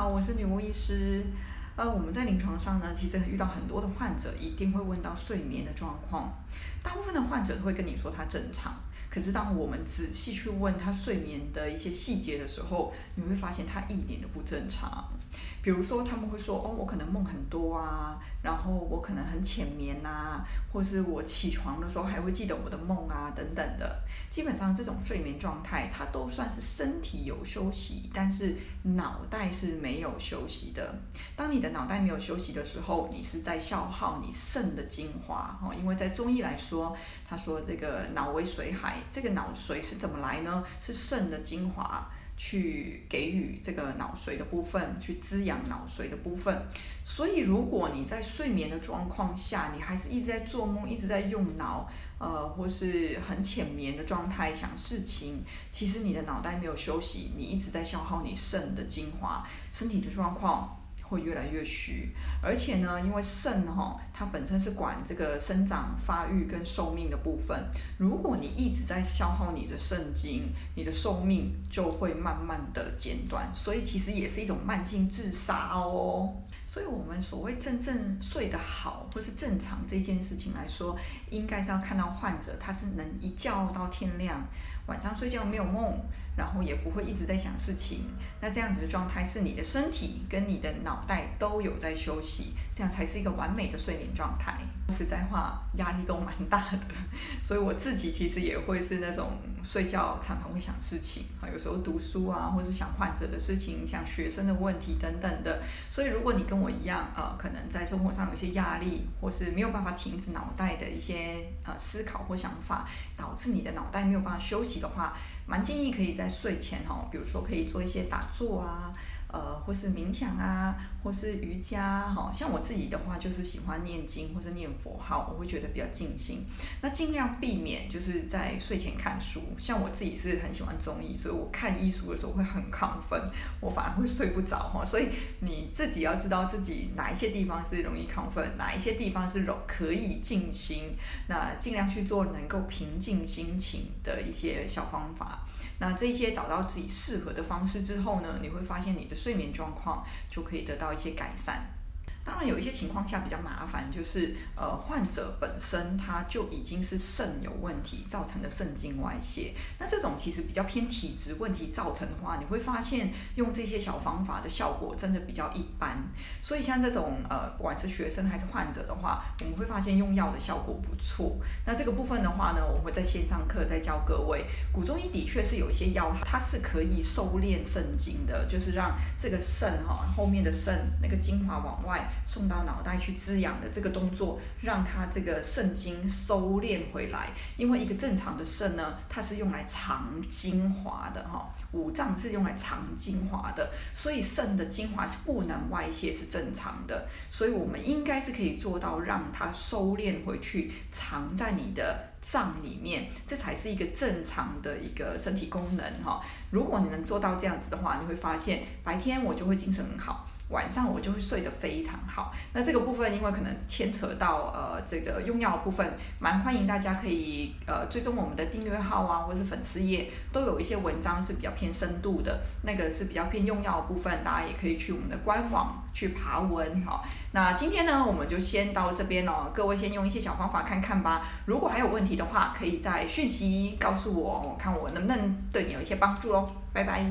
好，我是女巫醫師。呃，我們在臨床上呢，其實遇到很多的患者，一定會問到睡眠的狀況。大部分的患者都會跟你說他正常，可是當我們仔細去問他睡眠的一些細節的時候，你會發現他一點都不正常。比如說，他們會說：“哦，我可能夢很多啊，然後我可能很淺眠啊，或是我起床的時候還會記得我的夢啊，等等的。”基本上這種睡眠狀態，他都算是身體有休息，但是腦袋是沒有休息的。當你的腦袋沒有休息的時候，你是在消耗你腎的精華。因為在中醫來說，他說這個腦為髓海，這個腦髓是怎麼來呢？是腎的精華去給予這個腦髓的部分，去滋養腦髓的部分。所以，如果你在睡眠的狀況下，你還是一直在做夢，一直在用腦，呃，或是很淺眠的狀態想事情，其實你的腦袋沒有休息，你一直在消耗你腎的精華，身體的狀況，會越來越虛，而且呢，因為腎哈、哦，它本身是管這個生長發育跟壽命的部分。如果你一直在消耗你的腎精，你的壽命就會慢慢的減短，所以其實也是一種慢性自殺哦。所以我們所謂真正睡得好或是正常這件事情來說，應該是要看到患者他是能一覺到天亮，晚上睡覺沒有夢。然後也不會一直在想事情，那這樣子的狀態是你的身體跟你的腦袋都有在休息，這樣才是一個完美的睡眠狀態。說實在話，壓力都蠻大的，所以我自己其實也會是那種睡覺常常會想事情啊，有時候讀書啊，或是想患者的事情、想學生的問題等等的。所以如果你跟我一樣，呃，可能在生活上有些壓力，或是沒有辦法停止腦袋的一些呃思考或想法，導致你的腦袋沒有辦法休息的話，蠻建議可以在睡前哈、哦，比如說可以做一些打坐啊。呃，或是冥想啊，或是瑜伽，啊，哈，像我自己的話，就是喜歡念經或是念佛號，哈，我會覺得比較靜心。那盡量避免就是在睡前看書，像我自己是很喜歡中醫，所以我看醫書的時候會很亢奮，我反而會睡不着，哈。所以你自己要知道自己哪一些地方是容易亢奮，哪一些地方是容可以靜心，那盡量去做能夠平靜心情的一些小方法。那這些找到自己適合的方式之後呢，你會發現你的。睡眠狀況就可以得到一些改善。當然有一些情況下比較麻煩，就是呃患者本身他就已經是腎有問題造成的腎精外泄，那這種其實比較偏體質問題造成的話，你會發現用這些小方法的效果真的比較一般。所以像這種呃，不管是學生還是患者的話，我們會發現用藥的效果不錯。那這個部分的話呢，我會在線上課再教各位，古中醫的確是有一些藥，它是可以收斂腎精的，就是讓這個腎哈後面的腎那個精華往外。送到腦袋去滋養的這個動作，讓它這個腎精收斂回來。因為一個正常的腎呢，它是用來藏精華的哈、哦，五臟是用來藏精華的，所以腎的精華是不能外泄是正常的。所以我們應該是可以做到讓它收斂回去，藏在你的臟裡面，這才是一個正常的一個身體功能哈、哦。如果你能做到這樣子的話，你會發現白天我就會精神很好，晚上我就會睡得非常。好，那這個部分因為可能牽扯到呃這個用藥的部分，蠻歡迎大家可以呃追蹤我們的訂閱號啊，或是粉絲頁，都有一些文章是比較偏深度的，那個是比較偏用藥的部分，大家也可以去我們的官網去爬文哈。那今天呢，我們就先到這邊嘍，各位先用一些小方法看看吧。如果還有問題的話，可以在訊息告訴我，我看我能不能對你有一些幫助嘍，拜拜。